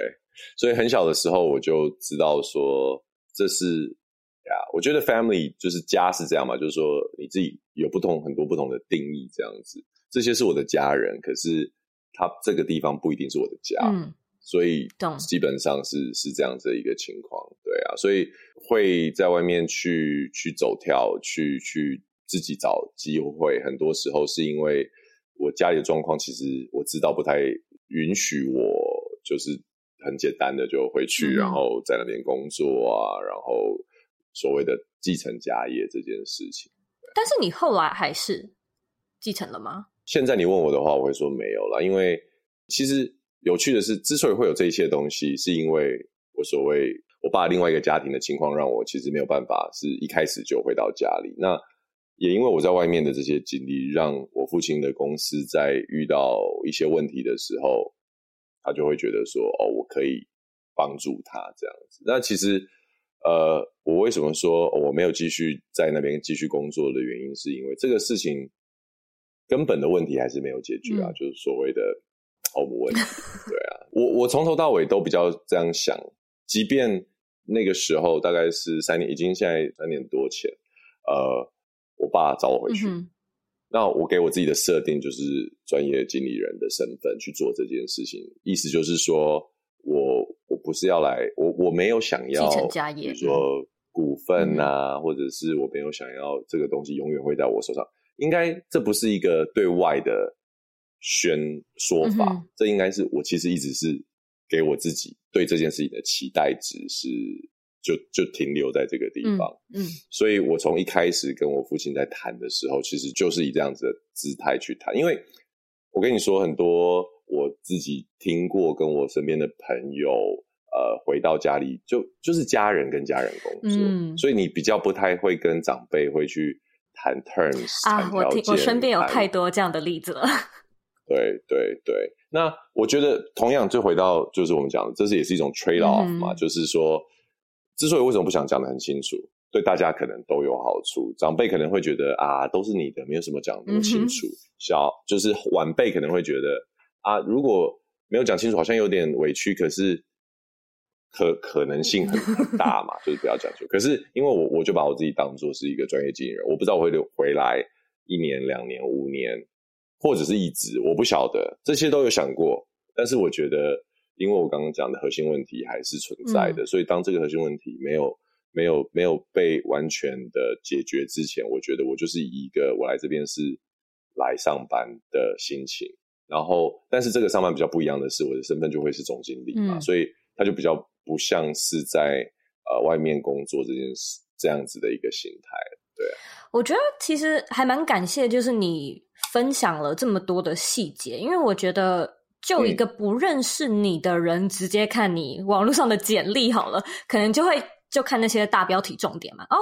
所以很小的時候我就知道說，這是。呀，yeah, 我覺得 family 就是家是這樣嘛，就是說你自己有不同很多不同的定義這樣子，這些是我的家人，可是他這個地方不一定是我的家，嗯，所以，基本上是懂是這樣子的一個情況，對啊，所以會在外面去去走跳，去去自己找機會，很多時候是因為我家裡的狀況，其實我知道不太允許我，就是很簡單的就回去，嗯、然後在那邊工作啊，然後。所謂的繼承家業這件事情，但是你後來還是繼承了嗎？現在你問我的話，我會說沒有啦。因為其實有趣的是，之所以會有這些東西，是因為我所謂我爸另外一個家庭的情況，讓我其實沒有辦法是一開始就回到家裡。那也因為我在外面的這些經歷，讓我父親的公司在遇到一些問題的時候，他就會覺得說：“哦，我可以幫助他這樣子。”那其實。呃，我為什麼說我沒有繼續在那邊繼續工作的原因，是因為這個事情根本的問題還是沒有解決啊，嗯、就是所謂的“歐姆”問題。對啊，我我從頭到尾都比較這樣想，即便那個時候大概是三年，已經現在三年多前，呃，我爸找我回去，嗯、哼那我給我自己的設定就是專業經理人的身份去做這件事情，意思就是說我。我不是要來，我我沒有想要，比如說股份啊，嗯、或者是我沒有想要這個東西永遠會在我手上。應該這不是一個對外的宣說法，嗯、哼這應該是我其實一直是給我自己對這件事情的期待值是就就停留在這個地方。嗯，嗯，所以我從一開始跟我父親在談的時候，其實就是以這樣子的姿態去談，因為我跟你說很多。我自己聽過，跟我身邊的朋友，呃，回到家裡就就是家人跟家人工作，嗯、所以你比較不太會跟長輩會去談 terms 啊。我聽我身邊有太多這樣的例子了。對對對，那我覺得同樣就回到就是我們講的，這是也是一種 trade off 嘛，嗯、就是說，之所以為什麼不想講的很清楚，對大家可能都有好處，長輩可能會覺得啊都是你的，沒有什麼講的那麼清楚，嗯、哼小就是晚輩可能會覺得。啊，如果沒有講清楚，好像有點委屈，可是可可能性很大嘛， 就是不要講究，可是因為我我就把我自己當做是一個專業經理人，我不知道我會留回來一年、兩年、五年，或者是一直，我不曉得這些都有想過。但是我覺得，因為我剛剛講的核心問題還是存在的，嗯、所以當這個核心問題沒有沒有沒有被完全的解決之前，我覺得我就是以一個我來這邊是來上班的心情。然後，但是這個上班比較不一樣的是，我的身份就會是總經理嘛，嗯、所以他就比較不像是在呃外面工作這件事這樣子的一個心態，對、啊。我覺得其實還蠻感謝，就是你分享了這麼多的細節，因為我覺得就一個不認識你的人，嗯、直接看你網絡上的簡歷好了，可能就會就看那些大標題重點嘛。哦，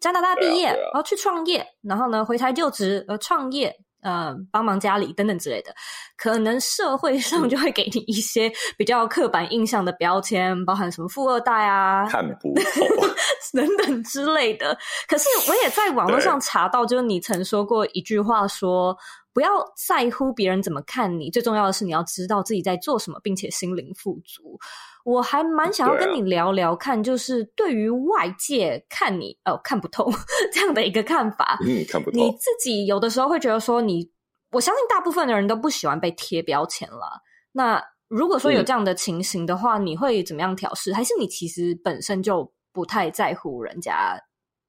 加拿大畢業，啊啊、然後去創業，然後呢回台就職，呃，創業。呃，幫、嗯、忙家裡等等之類的，可能社會上就會給你一些比較刻板印象的標籤，包含什麼富二代啊、看不透 等等之類的。可是我也在網絡上查到，就是你曾說過一句話說。不要在乎別人怎麼看你，最重要的是你要知道自己在做什麼，並且心靈富足。我還蠻想要跟你聊聊看，就是對於外界看你、啊、哦看不透這樣的一個看法。嗯，看不透。你自己有的時候會覺得說你，我相信大部分的人都不喜歡被貼標籤了。那如果說有這樣的情形的話，嗯、你會怎麼樣調適？還是你其實本身就不太在乎人家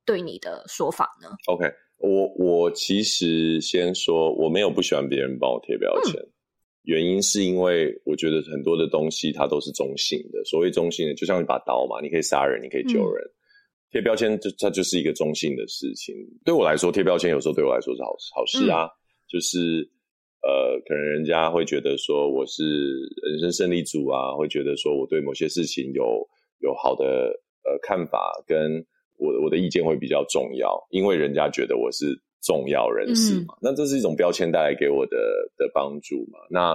對你的說法呢？OK。我我其實先說，我沒有不喜歡別人幫我貼標籤。嗯、原因是因為我覺得很多的東西它都是中性的，所謂中性的，就像一把刀嘛，你可以殺人，你可以救人，貼、嗯、標籤就它就是一個中性的事情。對我來說，貼標籤有時候對我來說是好好事啊，嗯、就是呃，可能人家會覺得說我是人生勝利組啊，會覺得說我對某些事情有有好的呃看法跟。我我的意見會比較重要，因為人家覺得我是重要人士嘛。嗯。那這是一種標籤帶來給我的的幫助嘛。那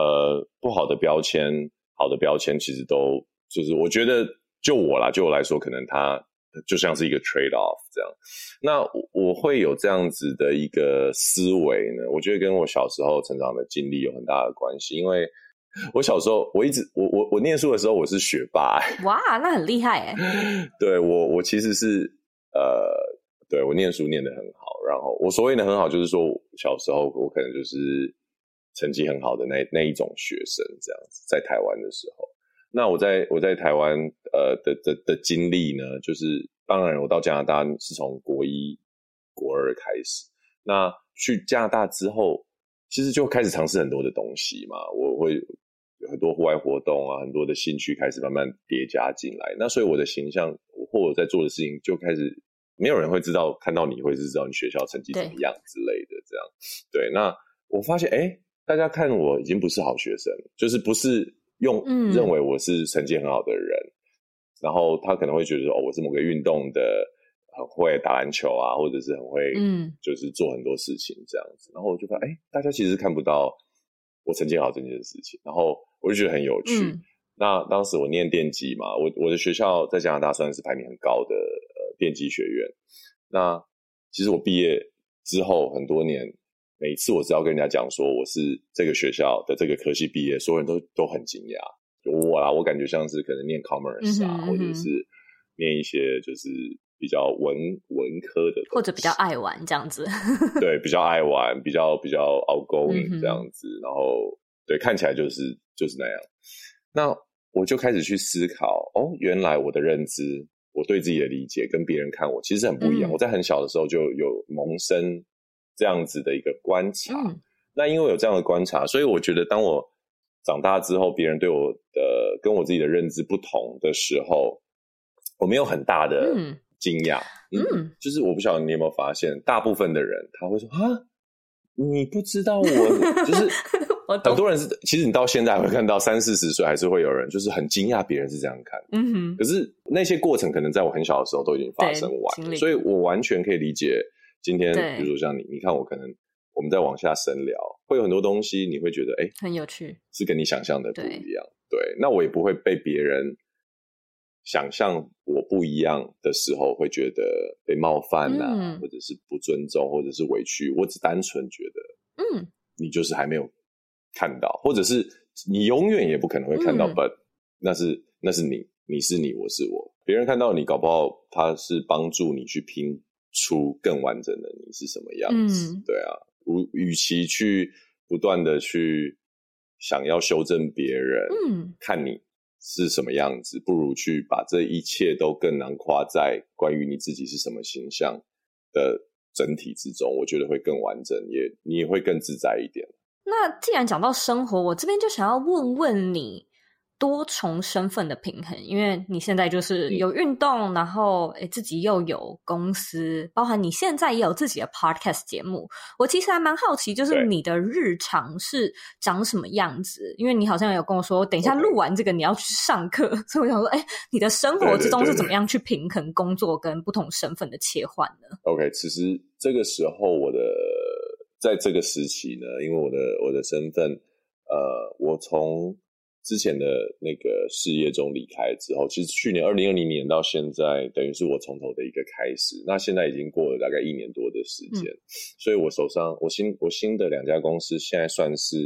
呃，不好的標籤，好的標籤其實都就是我覺得就我啦，就我來說，可能它就像是一個 trade off 這樣。那我，我會有這樣子的一個思維呢，我覺得跟我小時候成長的經歷有很大的關係，因為。我小時候，我一直我我我念書的時候，我是學霸。哇，那很厲害誒、欸、 對我，我其實是呃，對我念書念得很好。然後我所謂的很好，就是說小時候我可能就是成績很好的那那一種學生，這樣子，在台灣的時候。那我在我在台灣呃的的的經歷呢，就是當然我到加拿大是從國一國二開始。那去加拿大之後，其實就開始嘗試很多的東西嘛，我會。我很多戶外活動啊，很多的興趣開始慢慢疊加進來。那所以我的形象或我在做的事情，就開始沒有人會知道，看到你會是知道你學校成績怎麼樣之類的。這樣對，對，那我發現哎、欸，大家看我已經不是好學生，就是不是用認為我是成績很好的人。嗯、然後他可能會覺得哦，我是某個運動的很會打籃球啊，或者是很會嗯，就是做很多事情這樣子。嗯、然後我就發現哎，大家其實看不到我成績好這件事情。然後。我就覺得很有趣。嗯、那當時我念電機嘛，我我的學校在加拿大算是排名很高的呃電機學院。那其實我畢業之後很多年，每次我只要跟人家講說我是這個學校的這個科系畢業，所有人都都很驚訝。就我啦，我感覺像是可能念 commerce 啊，嗯哼嗯哼，或者是念一些就是比較文文科的，或者比較愛玩這樣子。 對，比較愛玩，比較比較 outgoing 這樣子，嗯、哼然後。對，看起來就是就是那樣。那我就開始去思考，哦，原來我的認知，我對自己的理解，跟別人看我其實很不一樣。嗯、我在很小的時候就有萌生這樣子的一個觀察。嗯、那因為有這樣的觀察，所以我覺得當我長大之後，別人對我的跟我自己的認知不同的時候，我沒有很大的驚訝。嗯，嗯就是我不曉得你有沒有發現，大部分的人他會說啊，你不知道我 就是。我很多人是，其實你到現在還會看到三四十歲還是會有人，就是很驚訝別人是這樣看的。嗯哼。可是那些過程可能在我很小的時候都已經發生完。對，所以我完全可以理解。今天對比如說像你，你看我可能，我們在往下深聊，會有很多東西，你會覺得哎，欸、很有趣，是跟你想象的不一樣。對，對，那我也不會被別人想象我不一樣的時候會覺得被冒犯吶、啊，嗯、或者是不尊重，或者是委屈。我只單純覺得，嗯，你就是還沒有。看到，或者是你永遠也不可能會看到本，嗯、But, 那是那是你，你是你，我是我。別人看到你，搞不好他是幫助你去拼出更完整的你是什麼樣子。嗯、對啊，與其去不斷的去想要修正別人，嗯、看你是什麼樣子，不如去把這一切都更難誇在關於你自己是什麼形象的整體之中。我覺得會更完整，也你也會更自在一點。那既然講到生活，我這邊就想要問問你多重身份的平衡，因為你現在就是有運動，嗯、然後誒、欸、自己又有公司，包含你現在也有自己的 podcast 節目。我其實還蠻好奇，就是你的日常是長什麼樣子？對因為你好像有跟我說，等一下錄完這個你要去上課，Okay. 所以我想說，哎、欸，你的生活之中是怎麼樣去平衡工作跟不同身份的切換呢？對對對對。OK，其實這個時候我的。在這個時期呢，因為我的我的身份，呃，我從之前的那個事業中離開之後，其實去年二零二零年到現在，等於是我從頭的一個開始。那現在已經過了大概一年多的時間，嗯。所以我手上我新我新的兩家公司現在算是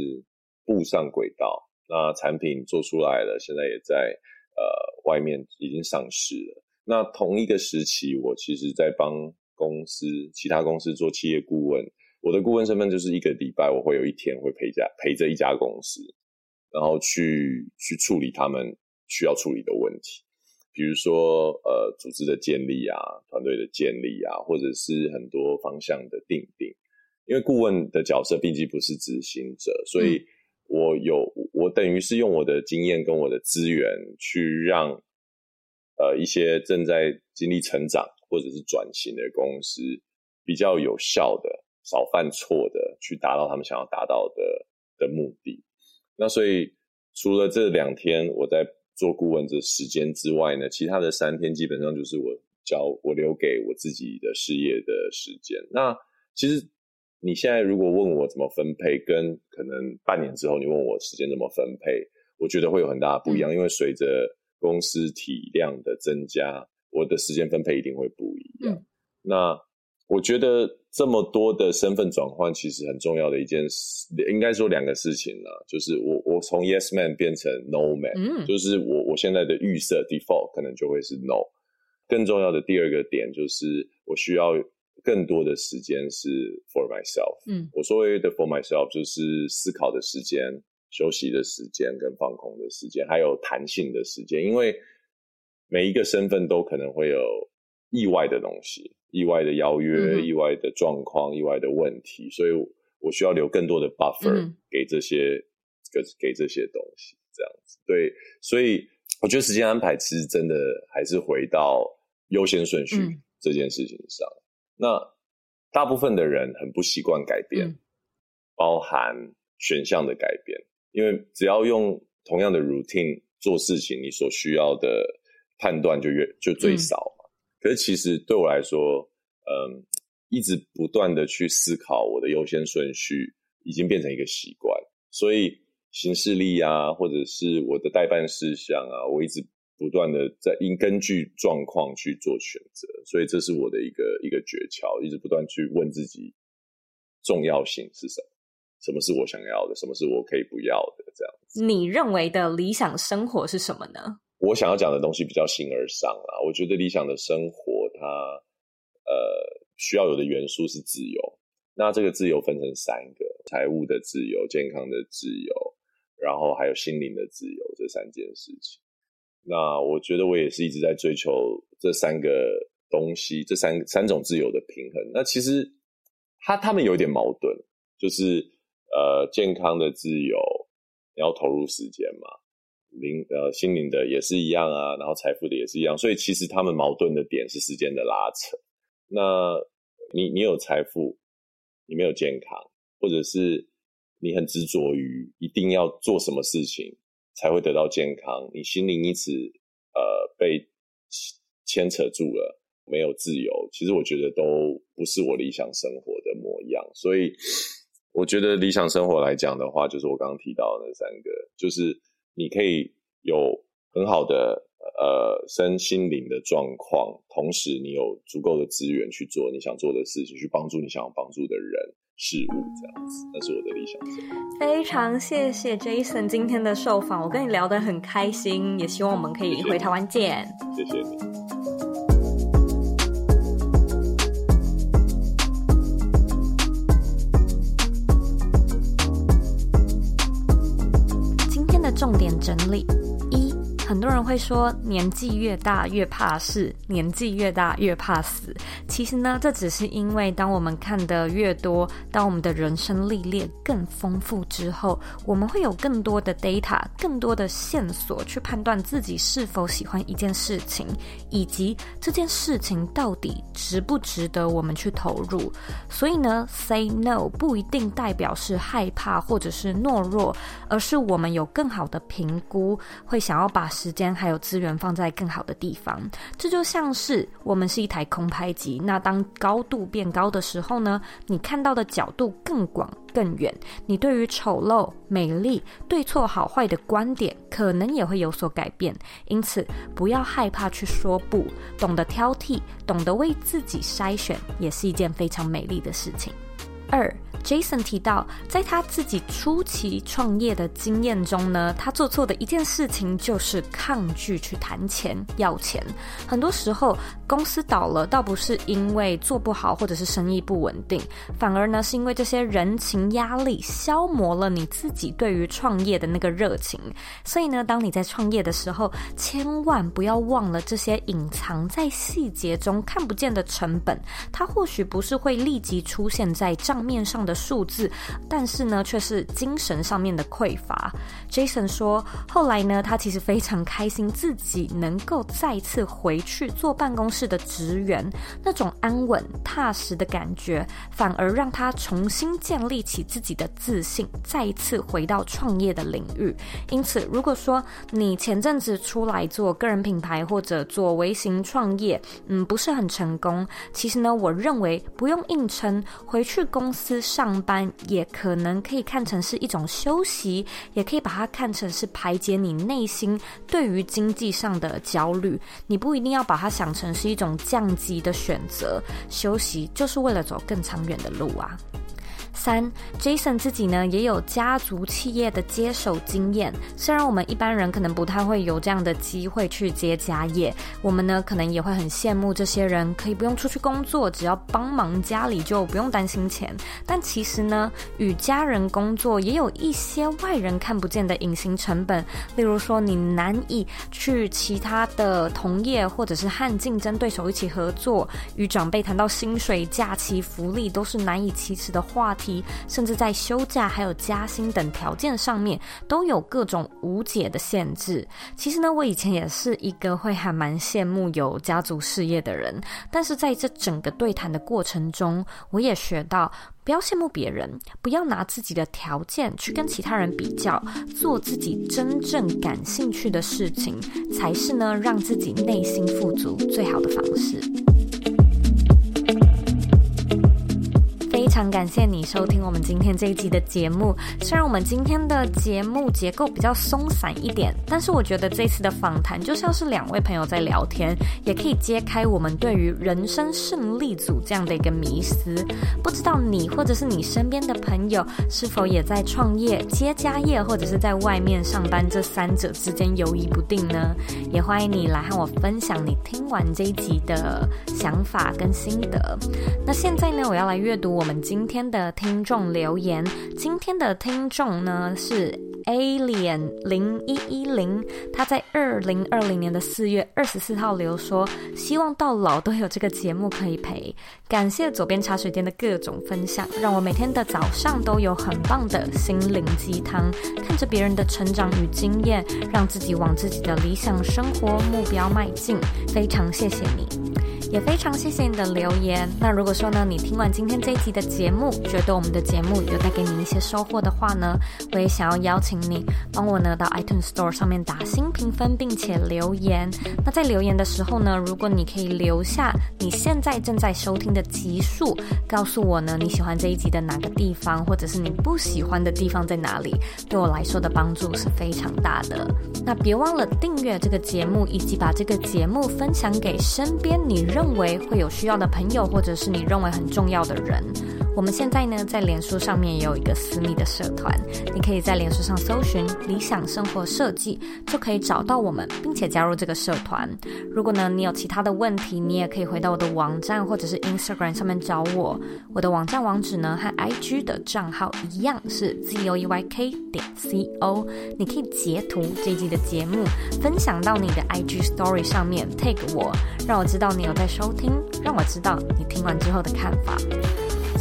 步上軌道，那產品做出來了，現在也在呃外面已經上市了。那同一個時期，我其實在幫公司其他公司做企業顧問。我的顧問身份就是一個禮拜，我會有一天會陪家陪着一家公司，然後去去處理他們需要處理的問題，比如說呃組織的建立啊、團隊的建立啊，或者是很多方向的定定。因為顧問的角色畢竟不是執行者，嗯、所以我有我等於是用我的經驗跟我的資源去讓呃一些正在經歷成長或者是轉型的公司比較有效的。少犯錯的，去達到他們想要達到的的目的。那所以，除了這兩天我在做顧問這時間之外呢，其他的三天基本上就是我交我留給我自己的事業的時間。那其實，你現在如果問我怎麼分配，跟可能半年之後你問我時間怎麼分配，我覺得會有很大的不一樣，嗯、因為隨着公司體量的增加，我的時間分配一定會不一樣。嗯、那。我覺得這麼多的身份轉換，其實很重要的一件事，應該說兩個事情了啊。就是我我從 Yes Man 變成 No Man，嗯，就是我我現在的預設 Default 可能就會是 No。更重要的第二個點就是，我需要更多的時間是 For myself。嗯，我所謂的 For myself 就是思考的時間、休息的時間、跟放空的時間，還有彈性的時間。因為每一個身份都可能會有意外的東西。意外的邀約、嗯、意外的狀況、意外的問題，所以，我需要留更多的 buffer 給這些，給、嗯、給這些東西，這樣子。對，所以我覺得時間安排其實真的還是回到優先順序這件事情上。嗯、那大部分的人很不習慣改變，嗯、包含選項的改變，因為只要用同樣的 routine 做事情，你所需要的判斷就越就最少嘛。嗯可是，其實對我來說，嗯，一直不斷的去思考我的優先順序，已經變成一個習慣。所以，行事力曆啊，或者是我的待辦事項啊，我一直不斷的在因根據狀況去做選擇。所以，這是我的一個一個訣竅，一直不斷去問自己，重要性是什麼？什麼是我想要的？什麼是我可以不要的？這樣子。你認為的理想生活是什麼呢？我想要講的東西比較形而上啦，我覺得理想的生活它，它呃需要有的元素是自由。那這個自由分成三個：財務的自由、健康的自由，然後還有心靈的自由這三件事情。那我覺得我也是一直在追求這三個東西，這三三種自由的平衡。那其實他他們有點矛盾，就是呃健康的自由，你要投入時間嘛。靈呃心靈的也是一樣啊，然後財富的也是一樣，所以其實他們矛盾的點是時間的拉扯。那你你有財富，你沒有健康，或者是你很執着於一定要做什麼事情才會得到健康，你心靈因此呃被牽扯住了，沒有自由。其實我覺得都不是我理想生活的模樣，所以我覺得理想生活來講的話，就是我剛剛提到的那三個，就是。你可以有很好的呃身心靈的狀況，同時你有足夠的資源，去做你想做的事情，去幫助你想要幫助的人事物，這樣子，那是我的理想。非常謝謝 Jason 今天的受訪，我跟你聊得很開心，也希望我們可以回台灣見。謝謝你。謝謝你。重點整理。很多人會說，年紀越大越怕事，年紀越大越怕死。其實呢，這只是因為當我們看得越多，當我們的人生歷練更豐富之後，我們會有更多的 data，更多的線索去判斷自己是否喜歡一件事情，以及這件事情到底值不值得我們去投入。所以呢，say no 不一定代表是害怕或者是懦弱，而是我們有更好的評估，會想要把。時間還有資源放在更好的地方，這就像是我們是一台空拍機。那當高度變高的時候呢，你看到的角度更廣、更遠，你對於醜陋、美麗、對錯、好壞的觀點可能也會有所改變。因此，不要害怕去說不，懂得挑剔，懂得為自己篩選，也是一件非常美麗的事情。二。Jason 提到，在他自己初期創業的經驗中呢，他做錯的一件事情就是抗拒去談錢、要錢。很多時候，公司倒了，倒不是因為做不好或者是生意不穩定，反而呢是因為這些人情壓力消磨了你自己對於創業的那個熱情。所以呢，當你在創業的時候，千萬不要忘了這些隱藏在細節中看不見的成本，它或許不是會立即出現在賬面上的。數字，但是呢，卻是精神上面的匱乏。Jason 說：“後來呢，他其實非常開心，自己能夠再次回去做辦公室的職員，那種安穩踏實的感覺，反而讓他重新建立起自己的自信，再一次回到創業的領域。因此，如果說你前陣子出來做個人品牌或者做微型創業，嗯，不是很成功，其實呢，我認為不用硬撐，回去公司上。”上班也可能可以看成是一種休息，也可以把它看成是排解你內心對於經濟上的焦慮。你不一定要把它想成是一種降級的選擇，休息就是為了走更長遠的路啊。三，Jason 自己呢也有家族企業的接手經驗。雖然我們一般人可能不太會有這樣的機會去接家業，我們呢可能也會很羨慕這些人，可以不用出去工作，只要幫忙家裡就不用擔心錢。但其實呢，與家人工作也有一些外人看不見的隱形成本，例如說你難以去其他的同業或者是和競爭對手一起合作，與長輩談到薪水、假期、福利都是難以啟齒的話題。甚至在休假、還有加薪等條件上面，都有各種無解的限制。其實呢，我以前也是一個會還蠻羨慕有家族事業的人，但是在這整個對談的過程中，我也學到不要羨慕別人，不要拿自己的條件去跟其他人比較，做自己真正感興趣的事情，才是呢，讓自己內心富足最好的方式。非常感謝你收聽我們今天這一集的節目。雖然我們今天的節目結構比較鬆散一點，但是我覺得這次的訪談就像是，是兩位朋友在聊天，也可以揭開我們對於人生勝利組這樣的一個迷思。不知道你或者是你身邊的朋友是否也在創業、接家業或者是在外面上班這三者之間猶豫不定呢？也歡迎你來和我分享你聽完這一集的想法跟心得。那現在呢，我要來閱讀我們。今天的聽眾留言，今天的聽眾呢是 Alien 零一一零，他在二零二零年的四月二十四號留說，希望到老都有這個節目可以陪。感謝左邊茶水店的各種分享，讓我每天的早上都有很棒的心靈雞湯，看着別人的成長與經驗，讓自己往自己的理想生活目標邁進。非常謝謝你。也非常謝謝你的留言。那如果說呢，你聽完今天這一集的節目，覺得我們的節目有帶給你一些收穫的話呢，我也想要邀請你幫我呢到 iTunes Store 上面打新評分，並且留言。那在留言的時候呢，如果你可以留下你現在正在收聽的集數，告訴我呢你喜歡這一集的哪個地方，或者是你不喜歡的地方在哪裡，對我來說的幫助是非常大的。那別忘了訂閱這個節目，以及把這個節目分享給身邊你認。認為會有需要的朋友，或者是你認為很重要的人。我們現在呢，在臉書上面也有一個私密的社團，你可以在臉書上搜尋“理想生活設計”，就可以找到我們，並且加入這個社團。如果呢，你有其他的問題，你也可以回到我的網站或者是 Instagram 上面找我。我的網站網址呢和 IG 的賬號一樣是 z o e y k 點 c o，你可以截圖這一集的節目，分享到你的 IG Story 上面，tag 我，讓我知道你有在收聽，讓我知道你聽完之後的看法。